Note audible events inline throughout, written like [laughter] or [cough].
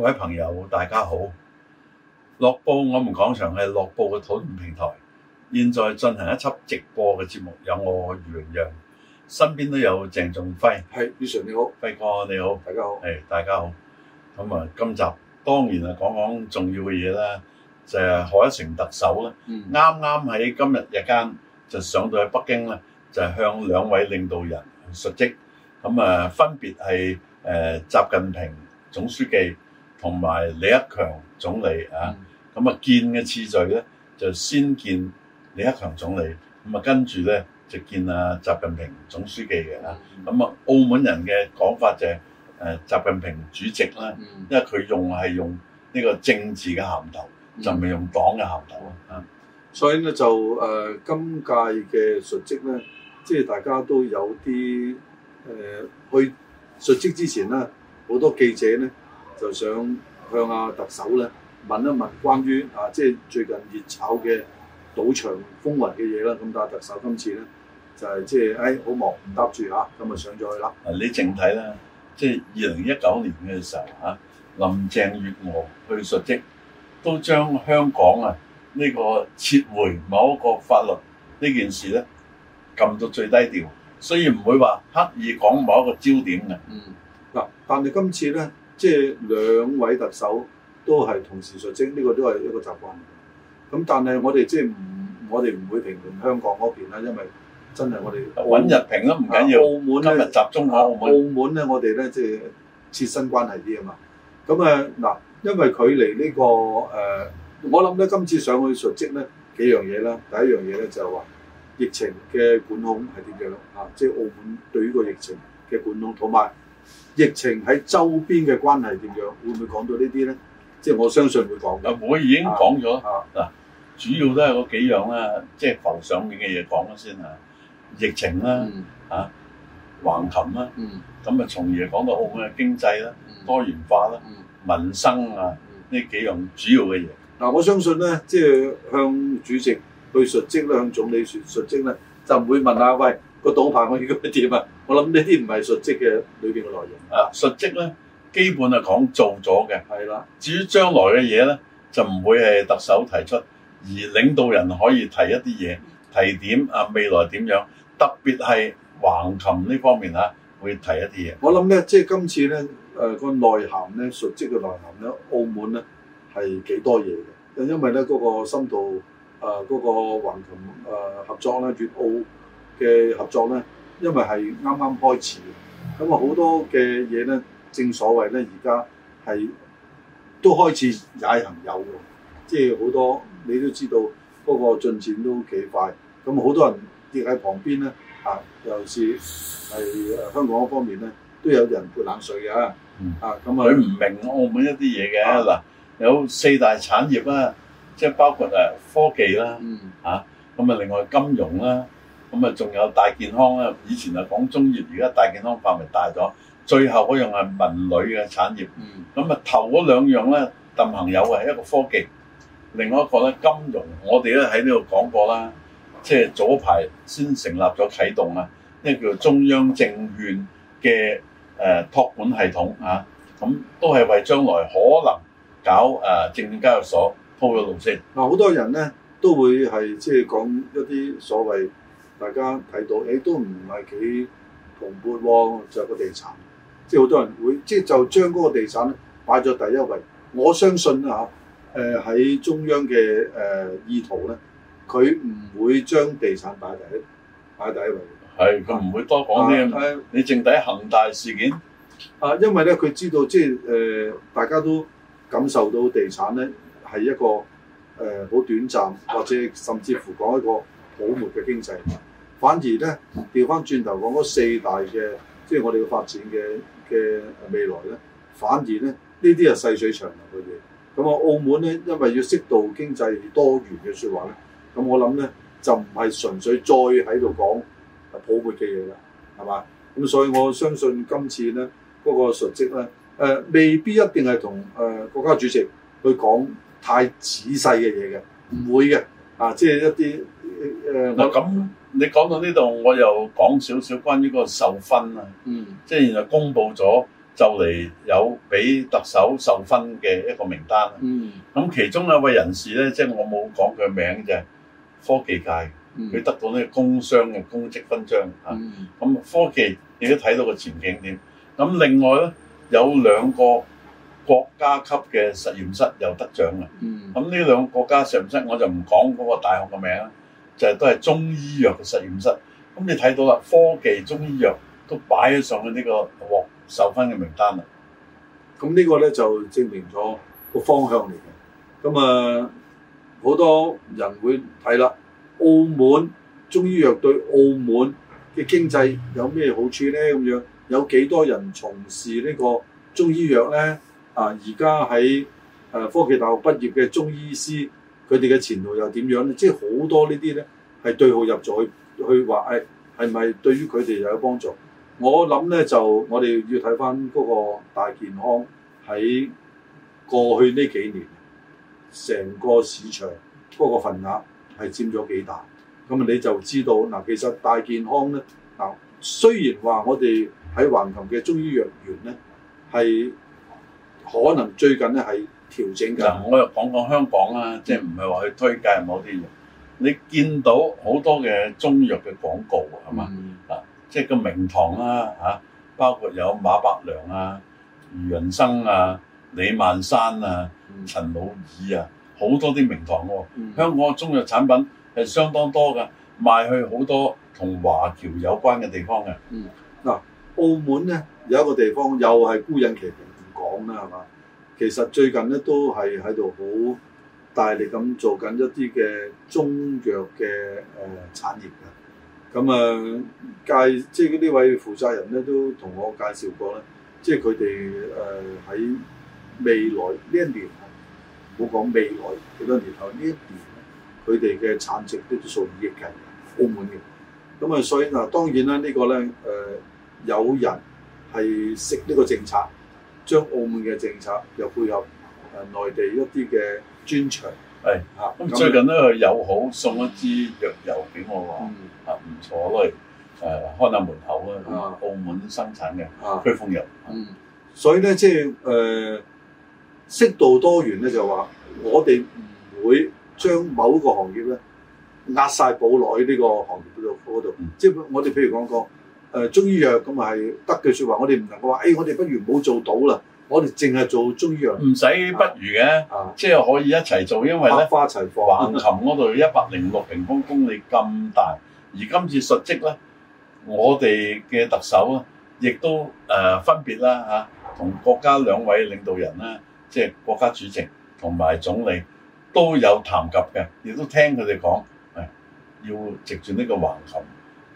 各位朋友，大家好！樂報我們講場係樂報嘅討論平台，現在進行一輯直播嘅節目，有我余明陽，身邊都有鄭仲輝。係，余 sir 你好，輝哥你好，大家好，係大家好。咁啊，今集當然係，講講重要嘅嘢啦，就係海信特首咧，啱啱喺今日日間就上到去北京啦，就係向兩位領導人述職。咁啊，分別係誒習近平總書記。同埋李克強總理啊，咁啊、嗯、見嘅次序咧就先見李克強總理，咁啊跟住咧就見啊習近平總書記嘅啊，咁啊、嗯、澳門人嘅講法就係、是、誒習近平主席啦，嗯、因為佢用係用呢個政治嘅銜頭，嗯、就唔係用黨嘅銜頭咯啊。所以咧就誒、呃、今屆嘅述職咧，即係大家都有啲誒、呃、去述職之前咧，好多記者咧。就想向阿特首咧問一問關於啊即係最近熱炒嘅賭場風雲嘅嘢啦，咁但係特首今次咧就係即係誒好忙唔答住嚇，咁咪、嗯、上咗去啦。啊，你淨睇啦，即係二零一九年嘅時候嚇，林鄭月娥去述職，都將香港啊呢個撤回某一個法律呢件事咧撳到最低調，雖然唔會話刻意講某一個焦點嘅。嗯。嗱，但係今次咧。即係兩位特首都係同時述職，呢個都係一個習慣。咁但係我哋即係唔，我哋唔會評論香港嗰邊啦，因為真係我哋揾日評咯，唔緊要。澳門咧集中啊，澳門咧我哋咧即係切身關係啲啊嘛。咁啊嗱，因為距離呢個誒，我諗咧今次上去述職咧幾樣嘢啦。第一樣嘢咧就係話疫情嘅管控係點樣啊？即係澳門對於個疫情嘅管控同埋。疫情喺周邊嘅關係點樣？會唔會講到呢啲咧？即係我相信會講到。我已經講咗啦。嗱、啊，主要都係嗰幾樣咧，即係浮上面嘅嘢講咗先啊。疫情啦，嚇、嗯啊、橫琴啦，咁啊從而講到澳門嘅經濟啦、多元化啦、嗯、民生啊呢、嗯、幾樣主要嘅嘢。嗱、啊，我相信咧，即、就、係、是、向主席去述職咧，向總理説述職咧，就唔會問下喂個賭牌我應該點啊？我諗呢啲唔係述職嘅裏邊嘅內容啊，述職咧基本係講做咗嘅。係啦，至於將來嘅嘢咧，就唔會係特首提出，而領導人可以提一啲嘢，提點啊未來點樣，特別係橫琴呢方面嚇會提一啲嘢。我諗咧，即係今次咧，誒個內涵咧，述職嘅內涵咧，澳門咧係幾多嘢嘅，因為咧嗰個深度誒嗰個橫琴誒合作咧，粵澳嘅合作咧。因為係啱啱開始嘅，咁啊好多嘅嘢咧，正所謂咧，而家係都開始踩行有嘅，即係好多你都知道嗰、那個進展都幾快，咁好多人跌喺旁邊咧，啊，尤其是係香港方面咧，都有人潑冷水嘅，嗯、啊，咁啊，佢唔明白澳門一啲嘢嘅嗱，有四大產業啦，即係包括誒科技啦，嚇、嗯，咁啊另外金融啦。咁啊，仲有大健康啦，以前啊講中醫，而家大健康範圍大咗。最後嗰樣係文旅嘅產業。咁啊、嗯，頭嗰兩樣咧，鄧朋友係一個科技，另外一個咧金融。我哋咧喺呢度講過啦，即係早排先成立咗啟動啦呢個叫做中央證券嘅誒託管系統啊，咁都係為將來可能搞誒證券交易所鋪咗路先。嗱，好多人咧都會係即係講一啲所謂。大家睇到，誒、欸、都唔係幾蓬勃喎，就個地產，即係好多人會，即係就將、是、嗰個地產擺咗第一位。我相信啦、啊、嚇，喺、呃、中央嘅誒、呃、意圖咧，佢唔會將地產擺第一，擺第一位。係，佢唔會多講啲、啊、你淨睇恒大事件。啊，因為咧佢知道，即係誒、呃、大家都感受到地產咧係一個誒好、呃、短暫，或者甚至乎講一個泡沫嘅經濟。反而咧，調翻轉頭講嗰四大嘅，即係我哋嘅發展嘅嘅未來咧。反而咧，呢啲係細水長流嘅嘢。咁啊，澳門咧，因為要適度經濟多元嘅說話咧，咁我諗咧就唔係純粹再喺度講啊泡沫嘅嘢啦，係嘛？咁所以我相信今次咧嗰個述職咧，誒未必一定係同誒國家主席去講太仔細嘅嘢嘅，唔會嘅啊，即係一啲。誒嗱咁、呃、你講到呢度，我又講少少關於個授勛啊，即係然後公佈咗就嚟有俾特首授勛嘅一個名單啦。咁、嗯、其中有位人士咧，即、就、係、是、我冇講佢名就啫，科技界佢、嗯、得到呢啲工商嘅功績勛章嚇。咁、嗯啊、科技亦都睇到個前景添。咁另外咧有兩個國家級嘅實驗室又得獎啊。咁呢兩個國家實驗室我就唔講嗰個大學嘅名啦。就都係中醫藥嘅實驗室，咁你睇到啦，科技中醫藥都擺咗上去呢個獲授分嘅名單啦。咁呢個咧就證明咗個方向嚟嘅。咁啊，好多人會睇啦，澳門中醫藥對澳門嘅經濟有咩好處咧？咁樣有幾多人從事呢個中醫藥咧？啊，而家喺誒科技大學畢業嘅中醫師。佢哋嘅前途又點樣咧？即係好多呢啲咧，係對號入座去去話，誒係咪對於佢哋又有幫助？我諗咧，就我哋要睇翻嗰個大健康喺過去呢幾年成個市場嗰個份額係佔咗幾大，咁啊你就知道嗱，其實大健康咧嗱，雖然話我哋喺橫琴嘅中醫藥園咧係可能最近咧係。是調整嗱，我又講講香港啦，即係唔係話去推介某啲嘢？你見到好多嘅中藥嘅廣告啊，係嘛？嗱、嗯，即係個名堂啦嚇，嗯、包括有馬百良啊、余仁生啊、嗯、李萬山啊、嗯、陳老二啊，好多啲名堂喎。嗯、香港嘅中藥產品係相當多㗎，賣去好多同華僑有關嘅地方嘅。嗱、嗯，澳門咧有一個地方又係孤影奇平港啦，係嘛？其實最近咧都係喺度好大力咁做緊一啲嘅中藥嘅誒產業㗎，咁啊介即係呢位負責人咧都同我介紹過咧，即係佢哋誒喺未來呢一年啊，唔好講未來幾多年後呢一年佢哋嘅產值都數以億計澳門嘅。咁啊所以嗱當然啦呢、這個咧誒、呃、有人係識呢個政策。將澳門嘅政策又配合誒內地一啲嘅專長，咁最近咧有好送一支藥油俾我喎，唔錯啦，誒、啊、看下門口、嗯、澳門生產嘅，驅風油。嗯，嗯，所以咧即係適度多元咧，就話我哋唔會將某個行業咧壓晒保落喺呢個行業度度。即、係、我哋譬如講誒中醫藥咁咪係得嘅説話，我哋唔能夠話，誒我哋不如唔好做到啦，我哋淨係做中醫藥，唔使不如嘅，啊，即係可以一齊做，因為咧百花齊放，橫琴嗰度一百零六平方公里咁大，而今次實績咧，我哋嘅特首啊，亦都誒分別啦嚇，同國家兩位領導人咧，即係國家主席同埋總理都有談及嘅，亦都聽佢哋講，係要藉住呢個橫琴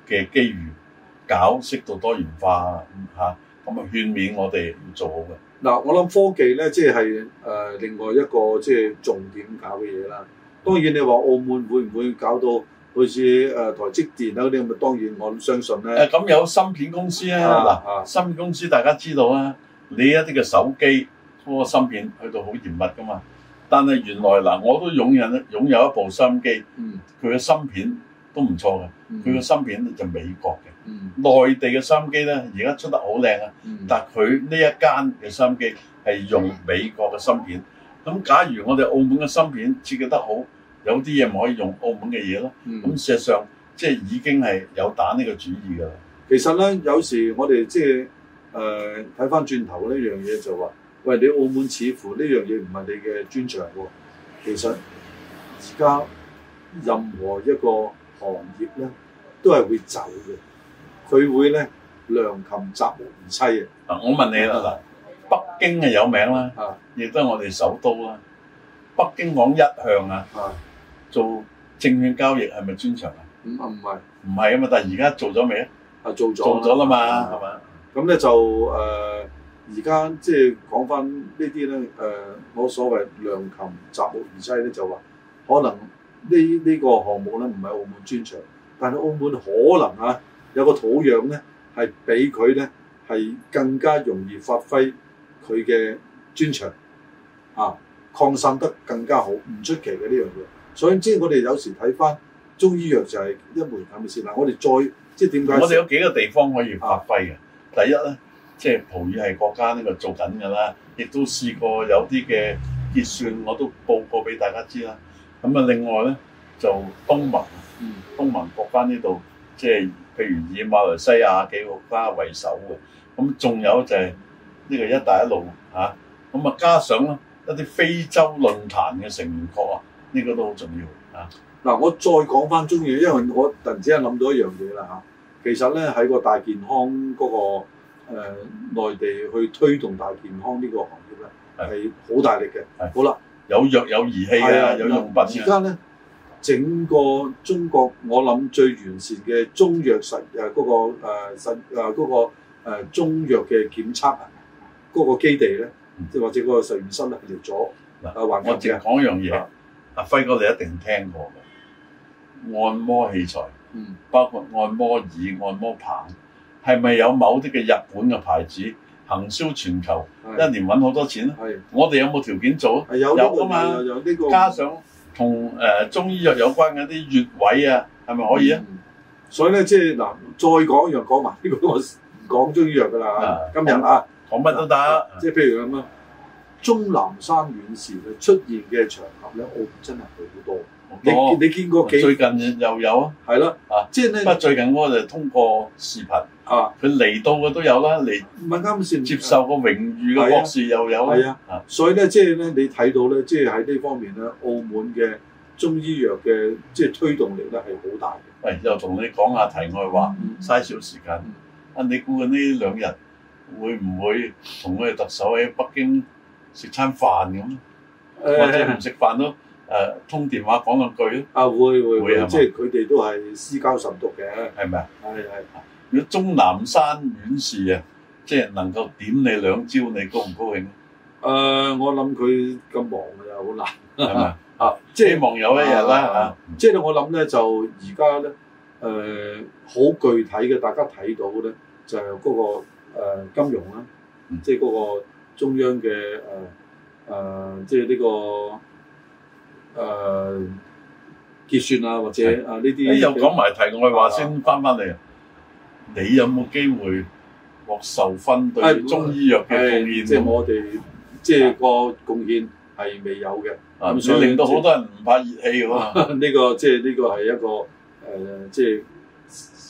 嘅機遇。搞適度多元化嚇，咁啊勸勉我哋要做好嘅。嗱，我諗科技咧，即係誒另外一個即係重點搞嘅嘢啦。當然你話澳門會唔會搞到好似誒台積電啊嗰啲咁啊？當然我相信咧。誒咁有芯片公司啊！嗱，芯片公司大家知道啊，你一啲嘅手機嗰個芯片去到好嚴密噶嘛。但係原來嗱，我都擁有擁有一部手機，佢嘅芯片。都唔錯嘅，佢個芯片就美國嘅。內、嗯、地嘅芯機咧，而家出得好靚啊！嗯、但係佢呢一間嘅芯機係用美國嘅芯片。咁、嗯、假如我哋澳門嘅芯片設計得好，有啲嘢唔可以用澳門嘅嘢咯？咁事、嗯、實際上即係已經係有打呢個主意㗎啦。其實咧，有時我哋即係誒睇翻轉頭呢樣嘢，就話喂，你澳門似乎呢樣嘢唔係你嘅專長喎、哦。其實而家任何一個行業咧都係會走嘅，佢會咧良禽擇木而棲的啊！嗱，我問你啦嗱，北京係有名啦，亦都係我哋首都啦。北京往一向啊，的做證券交易係咪專長啊？咁啊唔係，唔係啊嘛，但係而家做咗未啊？啊做咗，做咗啦嘛，係嘛的？咁咧就誒，而家即係講翻呢啲咧誒，我所謂良禽擇木而棲咧，就話可能。項呢呢個項目咧唔係澳門專長，但係澳門可能啊有個土壤咧係比佢咧係更加容易發揮佢嘅專長啊，擴散得更加好，唔出奇嘅呢樣嘢。所以之我哋有時睇翻中醫藥就係一門係咪先？啦我哋再即係點解？我哋有幾個地方可以發揮嘅。啊、第一咧，即係葡語系國家呢度做緊㗎啦，亦都試過有啲嘅結算我都報告俾大家知啦。咁啊，另外咧就東盟，東盟國家呢度，即係譬如以馬來西亞幾個國家為首嘅，咁仲有就係呢個一帶一路嚇，咁啊加上呢一啲非洲論壇嘅成員國、這個、啊，呢個都好重要啊。嗱，我再講翻中藥，因為我突然之間諗到一樣嘢啦、啊、其實咧喺個大健康嗰、那個誒、呃、內地去推動大健康呢個行業咧係好大力嘅，的好啦了。有藥有儀器啊，啊有用品、啊。而家咧，整個中國我諗最完善嘅中藥實誒嗰、嗰個誒、啊、實誒嗰、啊嗰個啊、中藥嘅檢測嗰個基地咧，即、嗯、或者嗰個實驗室咧入咗誒環境嘅。比啊、我淨係講一樣嘢，阿、啊啊、輝哥你一定聽過嘅按摩器材，嗯，包括按摩椅、按摩棒，係咪有某啲嘅日本嘅牌子？行銷全球，一年揾好多錢咯。我哋有冇條件做啊？有啊嘛，加上同誒中醫藥有關嘅啲穴位啊，係咪可以啊？所以咧，即係嗱，再講一樣講埋呢個我唔講中醫藥㗎啦。今日啊，講乜都得，即係譬如咁啊，鍾南山院士出現嘅場合咧，我真係好多。你你見過幾？最近又有啊？係咯，啊，即係呢。不過最近我就通過視頻。啊！佢嚟到嘅都有啦，嚟接受個榮譽嘅博士又有啦、啊啊啊。所以咧，即係咧，你睇到咧，即係喺呢方面咧，澳門嘅中醫藥嘅即係推動力咧係好大嘅。喂，又同你講下題外話，嘥少、嗯、時間。會會啊，你估嘅呢兩日會唔會同佢哋特首喺北京食餐飯咁？或者唔食飯咯、啊？通電話講兩句咧。啊，會會會，會嗎即係佢哋都係私交甚篤嘅。係咪啊？係係。如鍾南山院士啊，即係能夠點你兩招，你高唔高興？誒、呃，我諗佢咁忙嘅，又好難，係咪吧 [laughs] 啊？即係希望有一日啦嚇。啊啊、即係我諗咧就而家咧誒，好、呃、具體嘅，大家睇到咧就係、是、嗰、那個、呃、金融啦，嗯、即係嗰個中央嘅誒誒，即係呢、這個誒、呃、結算啊，或者這些是啊呢啲。誒又講埋題外話先翻翻嚟。你有冇機會獲受分對中醫藥嘅貢獻？即係、就是、我哋即係個貢獻係未有嘅，咁的所以，所以令到好多人唔怕熱氣喎。呢、這個即係呢個係一個誒，即、呃、係、就是、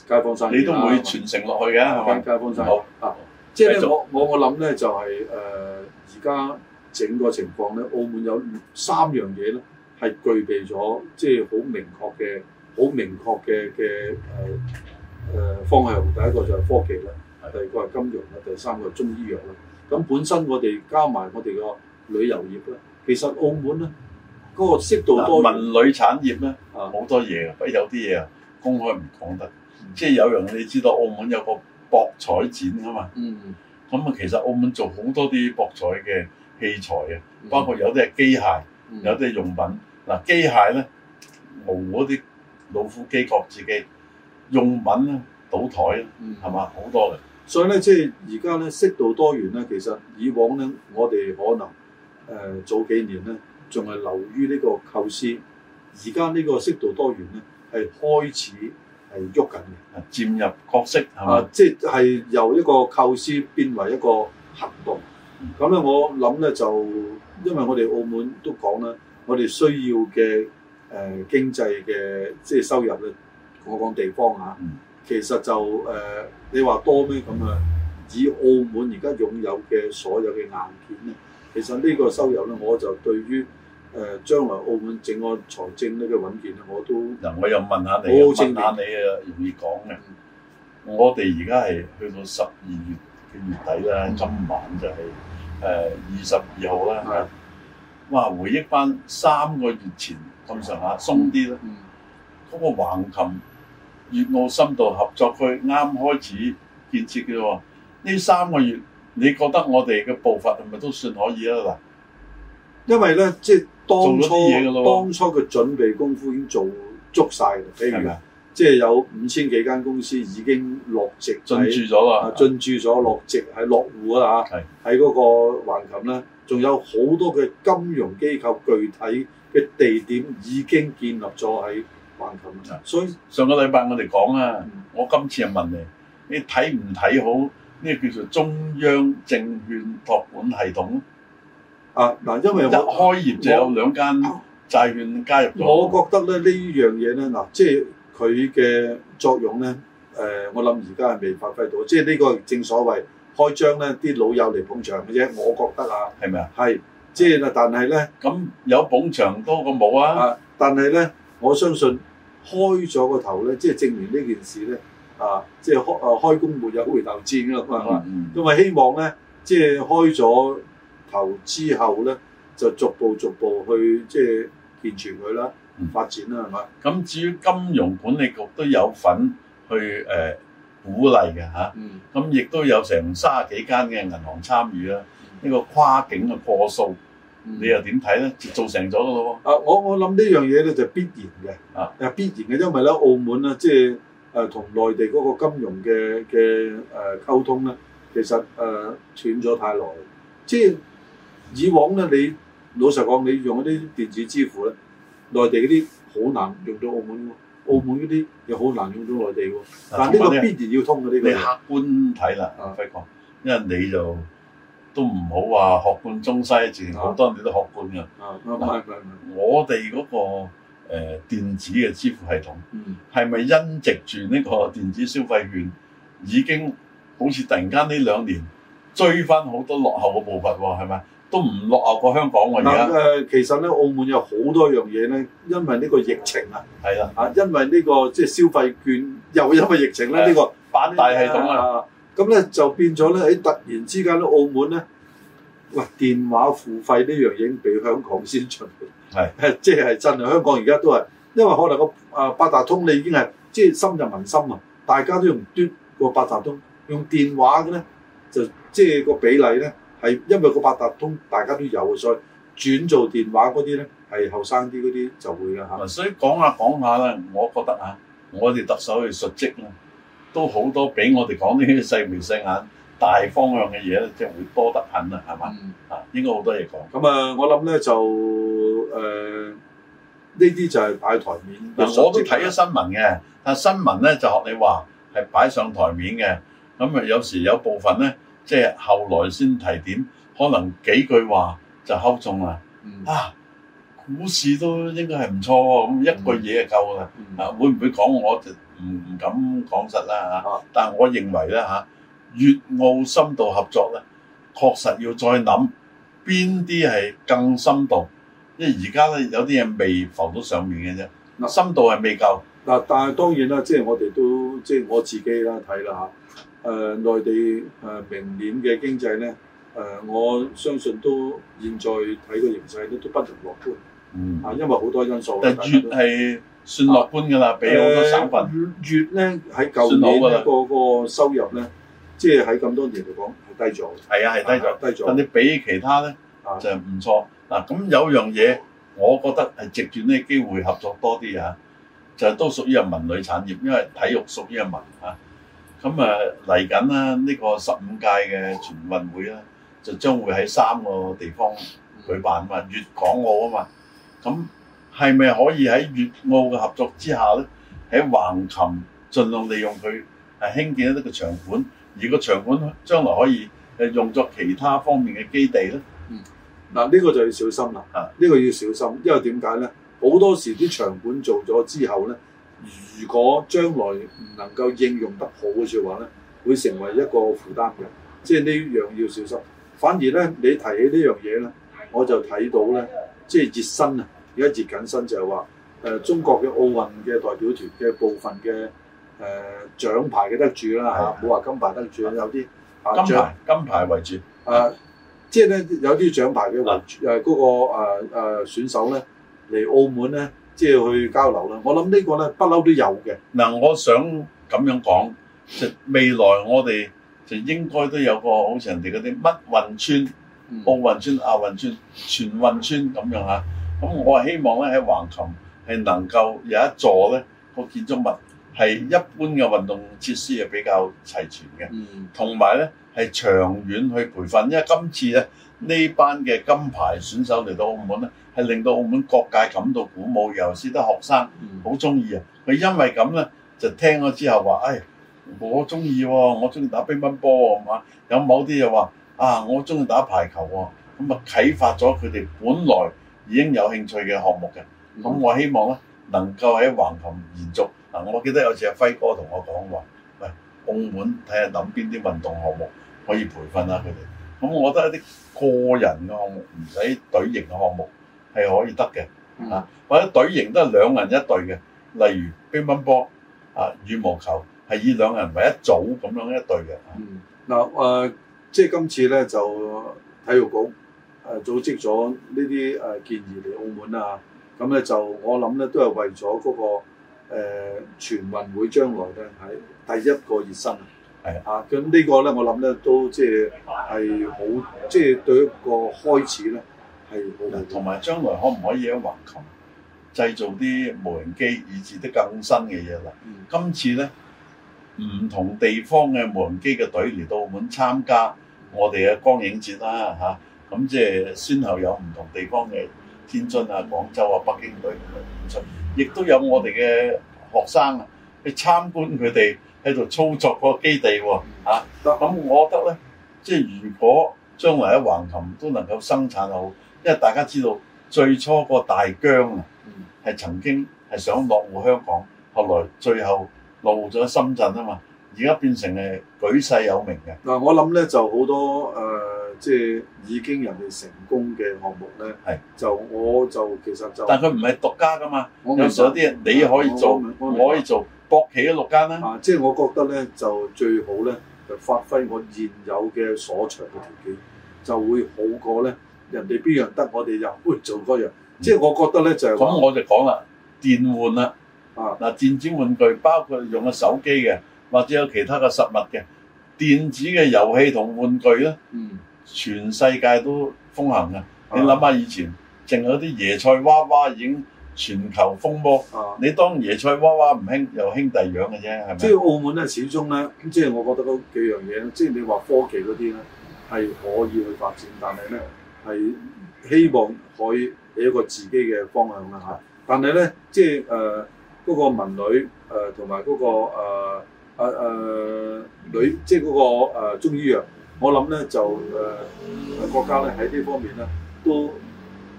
街坊生意、啊、你都會傳承落去嘅，係嘛？街坊生意好啊。即係咧，我我我諗咧，就係誒而家整個情況咧，澳門有三樣嘢咧，係具備咗即係好明確嘅、好明確嘅嘅誒。誒、呃、方向第一個就係科技啦，第二個係金融啦，第三個係中醫藥啦。咁本身我哋加埋我哋個旅遊業咧，其實澳門咧嗰、嗰個適度多元文旅產業咧好多嘢嘅，啊、有啲嘢啊公開唔講得。嗯、即係有人你知道，澳門有個博彩展啊嘛。咁啊、嗯，其實澳門做好多啲博彩嘅器材啊，包括有啲係機械，嗯、有啲係用品。嗱、啊、機械咧，冇嗰啲老虎機、角子機。用品咧，倒台咧，係嘛？好、嗯、多嘅。所以咧，即係而家咧，適度多元咧，其實以往咧，我哋可能誒、呃、早幾年咧，仲係留於呢個構思。而家呢個適度多元咧，係開始係喐緊嘅，佔入角色，係嘛？即係、啊就是、由一個構思變為一個行動。咁咧、嗯，我諗咧就，因為我哋澳門都講啦，我哋需要嘅誒、呃、經濟嘅即係收入咧。我講地方啊，其實就誒、呃，你話多咩咁啊？以澳門而家擁有嘅所有嘅硬件咧，其實呢個收入咧，我就對於誒將來澳門整個財政呢個穩健咧，我都嗱，我又問下你，清問下你啊，容易講嘅。我哋而家係去到十二月嘅月底啦，今晚就係誒二十二號啦。哇！回憶翻三個月前咁上下，鬆啲啦，嗰、嗯、個橫琴。粵澳深度合作區啱開始建設嘅喎，呢三個月你覺得我哋嘅步伐係咪都算可以啊？嗱，因為咧，即係當初的當初嘅準備功夫已經做足晒，譬如嗎即係有五千幾間公司已經落籍進駐咗啊，進駐咗落籍喺、嗯、落戶啊嚇，喺嗰是個橫琴咧，仲有好多嘅金融機構具體嘅地點已經建立咗喺。咁所以上個禮拜我哋講啊，嗯、我今次又問你，你睇唔睇好呢個叫做中央證券託管系統啊？嗱，因為一開業就有兩間債券加入，我我覺得咧呢樣嘢咧，嗱、啊，即係佢嘅作用咧。誒、呃，我諗而家係未發揮到，即係呢個正所謂開張咧，啲老友嚟捧場嘅啫。我覺得啊，係咪啊？係，即係但係咧，咁有捧場多過冇啊，啊。但係咧。我相信開咗個頭咧，即係證明呢件事咧，啊，即係開啊開弓沒有回頭箭啊嘛，因為、嗯嗯、希望咧，即係開咗頭之後咧，就逐步逐步去即係健全佢啦，發展啦，係嘛？咁、嗯、至於金融管理局都有份去誒、呃、鼓勵嘅嚇，咁亦都有成三十幾間嘅銀行參與啦，呢、嗯、個跨境嘅過數。你又點睇咧？就造成咗咯喎！啊，我我諗呢樣嘢咧就必然嘅，啊，必然嘅，因為咧澳門咧即係誒同內地嗰個金融嘅嘅誒溝通咧，其實誒斷咗太耐，即係以往咧你老實講，你用嗰啲電子支付咧，內地嗰啲好難用到澳門喎，澳門嗰啲又好難用到內地喎。嗯、但呢個必然要通嘅，呢個客觀睇啦，輝哥、啊，因為你就。都唔好話、啊、學貫中西，自然好多人都學貫嘅。唔唔唔我哋嗰、那個電、呃、電子嘅支付系統，係咪、嗯、因藉住呢個電子消費券，已經好似突然間呢兩年追翻好多落後嘅步伐喎、啊？係咪？都唔落後過香港㗎而家。其實咧，澳門有好多樣嘢咧，因為呢個疫情啊，係啦、啊，因為呢、這個即係、就是、消費券又因為疫情咧，呢是、這個大系統啊。啊啊咁咧就變咗咧，喺突然之間咧，澳門咧，喂電話付費呢樣嘢俾香港先出去。係是，即係真係！香港而家都係，因為可能、個、啊、八達通你已經係即係深入民心啊，大家都用端個、哦、八達通，用電話嘅咧就即係個比例咧係因為個八達通大家都有，所以轉做電話嗰啲咧係後生啲嗰啲就會噶嚇。所以講下講下呢，我覺得啊，我哋特首去述職啦。都好多俾我哋講呢啲細眉細眼、大方向嘅嘢咧，即係會多得很，嗯，係嘛？啊，應該好多嘢講。咁啊，我諗咧就誒，呃，呢啲就係擺台面。嗯，但我都睇咗新聞嘅，嗯，但新聞咧就學你話係擺上台面嘅。咁啊，有時有部分咧，即係後來先提點，可能幾句話就敲中啦。嗯，啊，股市都應該係唔錯喎，咁一個嘢就夠啦。嗯嗯，啊，會唔會講我？唔唔敢講實啦嚇，但係我認為咧嚇，粵澳深度合作咧，確實要再諗邊啲係更深度，因為而家咧有啲嘢未浮到上面嘅啫。嗱，深度係未夠。嗱，但係當然啦，即係我哋都即係我自己啦睇啦嚇，誒、呃、內地誒明年嘅經濟咧，誒、呃、我相信都現在睇個形勢都都不容樂觀。嗯，啊，因為好多因素。但係越係。算樂觀㗎啦，俾好、啊、多省份。呃、粵咧喺舊年一、那個呢個收入咧，即係喺咁多年嚟講係低咗。係啊，係低咗。低咗、啊。你比起其他咧、啊、就唔錯。嗱、啊，咁有樣嘢，我覺得係藉住呢個機會合作多啲啊，就係、是、都屬於係文旅產業，因為體育屬於係文。咁啊嚟緊啦，啊、呢、這個十五屆嘅全運會呢，就將會喺三個地方舉辦啊嘛，粵港澳啊嘛，咁。係咪可以喺粵澳嘅合作之下咧，喺橫琴盡量利用佢係興建一啲嘅場館，而個場館將來可以誒用作其他方面嘅基地咧？嗯，嗱呢個就要小心啦，啊，呢個要小心，因為點解咧？好多時啲場館做咗之後咧，如果將來唔能夠應用得好嘅説話咧，會成為一個負擔嘅，即係呢樣要小心。反而咧，你提起呢樣嘢咧，我就睇到咧，即係熱身啊！而家熱緊身就係話，誒、呃、中國嘅奧運嘅代表團嘅部分嘅誒獎牌嘅得主啦嚇，冇話的的金牌得主有啲金牌、啊、金牌為主。誒、啊，即係咧有啲獎牌嘅為誒嗰個誒誒選手咧嚟澳門咧，即、就、係、是、去交流啦。我諗呢個咧不嬲都有嘅。嗱，我想咁樣講，就未來我哋就應該都有個好似人哋嗰啲乜運村、奧、嗯、運村、亞運村、全運村咁樣嚇。咁我係希望咧喺橫琴係能夠有一座咧、個建築物係一般嘅運動設施係比較齊全嘅，同埋咧係長遠去培訓。因為今次咧呢班嘅金牌選手嚟到澳門咧，係令到澳門各界感到鼓舞。尤其是啲學生好中意啊，佢、嗯、因為咁咧就聽咗之後話，誒、哎，我中意喎，我中意打乒乓波啊嘛。有某啲又話，啊，我中意打排球喎、哦。咁啊啟發咗佢哋本來。已經有興趣嘅項目嘅，咁、嗯、我希望咧能夠喺橫琴延續。嗱，我記得有一次阿輝哥同我講話，喂、哎，澳門睇下諗邊啲運動項目可以培訓下佢哋。咁我覺得一啲個人嘅項目唔使隊形嘅項目係可以得嘅啊，嗯、或者隊形都係兩人一隊嘅，例如乒乓波、啊、羽毛球係以兩人為一組咁樣一隊嘅。嗱、誒、嗯呃，即係今次咧就體育局。誒組織咗呢啲誒建議嚟澳門啊，咁咧就我諗咧都係為咗嗰、那個、呃、全運會將來咧係第一個熱身，係的啊，咁呢個咧我諗咧都即係係好，即係對一個開始咧係同埋將來可唔可以喺橫琴製造啲無人機以至得更新嘅嘢啦？今、嗯、次咧唔同地方嘅無人機嘅隊嚟到澳門參加我哋嘅光影節啦嚇。啊咁即係先後有唔同地方嘅天津啊、廣州啊、北京隊咁樣，亦都有我哋嘅學生、啊、去參觀佢哋喺度操作個基地喎、啊，咁、嗯啊、我覺得咧，即係如果將來喺橫琴都能夠生產好，因為大家知道最初個大疆啊，係曾經係想落戶香港，後來最後落戶咗深圳啊嘛，而家變成係舉世有名嘅。嗱、嗯，我諗咧就好多誒。呃即係已經人哋成功嘅項目咧，就我就其實就，但佢唔係獨家噶嘛，有啲你可以做，我可以做，博企嘅六間啦。即係我覺得咧，就最好咧，就發揮我現有嘅所長嘅條件，就會好過咧。人哋邊樣得，我哋又會做嗰樣。即係我覺得咧，就咁我就講啦，電玩啦，啊嗱，電子玩具包括用個手機嘅，或者有其他嘅實物嘅電子嘅遊戲同玩具咧，嗯。全世界都風行㗎，你諗下以前，淨係啲椰菜娃娃已經全球風波。啊、你當椰菜娃娃唔興，又兄弟養嘅啫，係嘛？即係澳門咧，始終咧，即係我覺得嗰幾樣嘢即係你話科技嗰啲咧，係可以去發展，但係咧係希望可以畀一個自己嘅方向啦嚇。但係咧、呃那個呃那個呃呃呃，即係誒嗰個文旅誒同埋嗰個誒誒誒旅，即係嗰個中醫藥。我諗咧就誒，國家咧喺呢方面咧都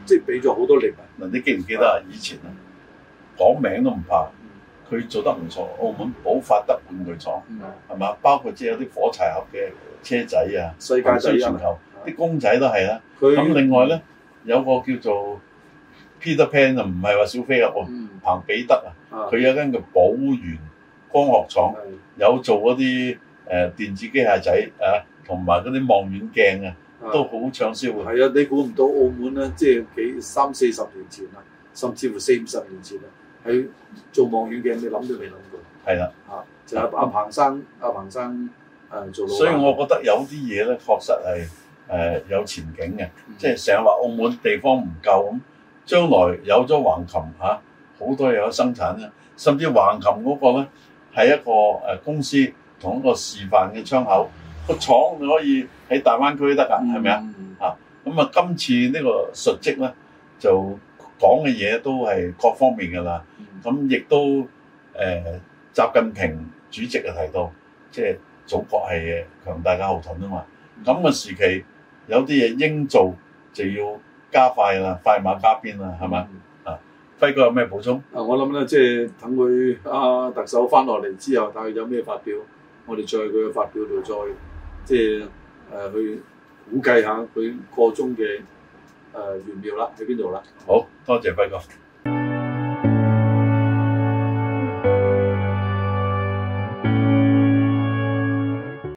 即係俾咗好多力。嗱，你記唔記得啊？以前啊，講名都唔怕，佢做得唔錯。澳門寶發德玩具廠，係嘛？包括即係有啲火柴盒嘅車仔啊，世界最全球，啲公仔都係啦。咁另外咧有個叫做 Peter Pan 就唔係話小飛俠啊，彭彼得啊，佢有一間叫寶源光學廠，有做嗰啲。誒電子機械仔啊，同埋嗰啲望遠鏡啊，的都好暢銷嘅。係啊，你估唔到澳門咧，即係幾三四十年前啦，甚至乎四五十年前啦，喺做望遠鏡，你諗都未諗過。係啦，嚇，阿彭生，的啊、阿彭生誒、啊、做老。所以我覺得有啲嘢咧，確實係誒、呃、有前景嘅，即係成日話澳門地方唔夠咁，將來有咗橫琴嚇，好、啊、多嘢可生產咧，甚至橫琴嗰個咧係一個誒公司。廠個示範嘅窗口，個廠你可以喺大灣區得㗎，係咪、嗯、啊？啊，咁啊，今次呢個述職咧，就講嘅嘢都係各方面嘅啦。咁亦、嗯、都誒，習、呃、近平主席嘅提到，即係祖國係強大嘅後盾啊嘛。咁嘅、嗯、時期有啲嘢應做就要加快啦，快馬加鞭啦，係咪、嗯、啊？輝哥有咩補充？啊，我諗咧，即係等佢阿特首翻落嚟之後，睇下有咩發表。我哋再佢嘅發表度再，即係、呃、去估計下佢個鐘嘅原料啦，喺邊度啦？好，多謝，拜哥。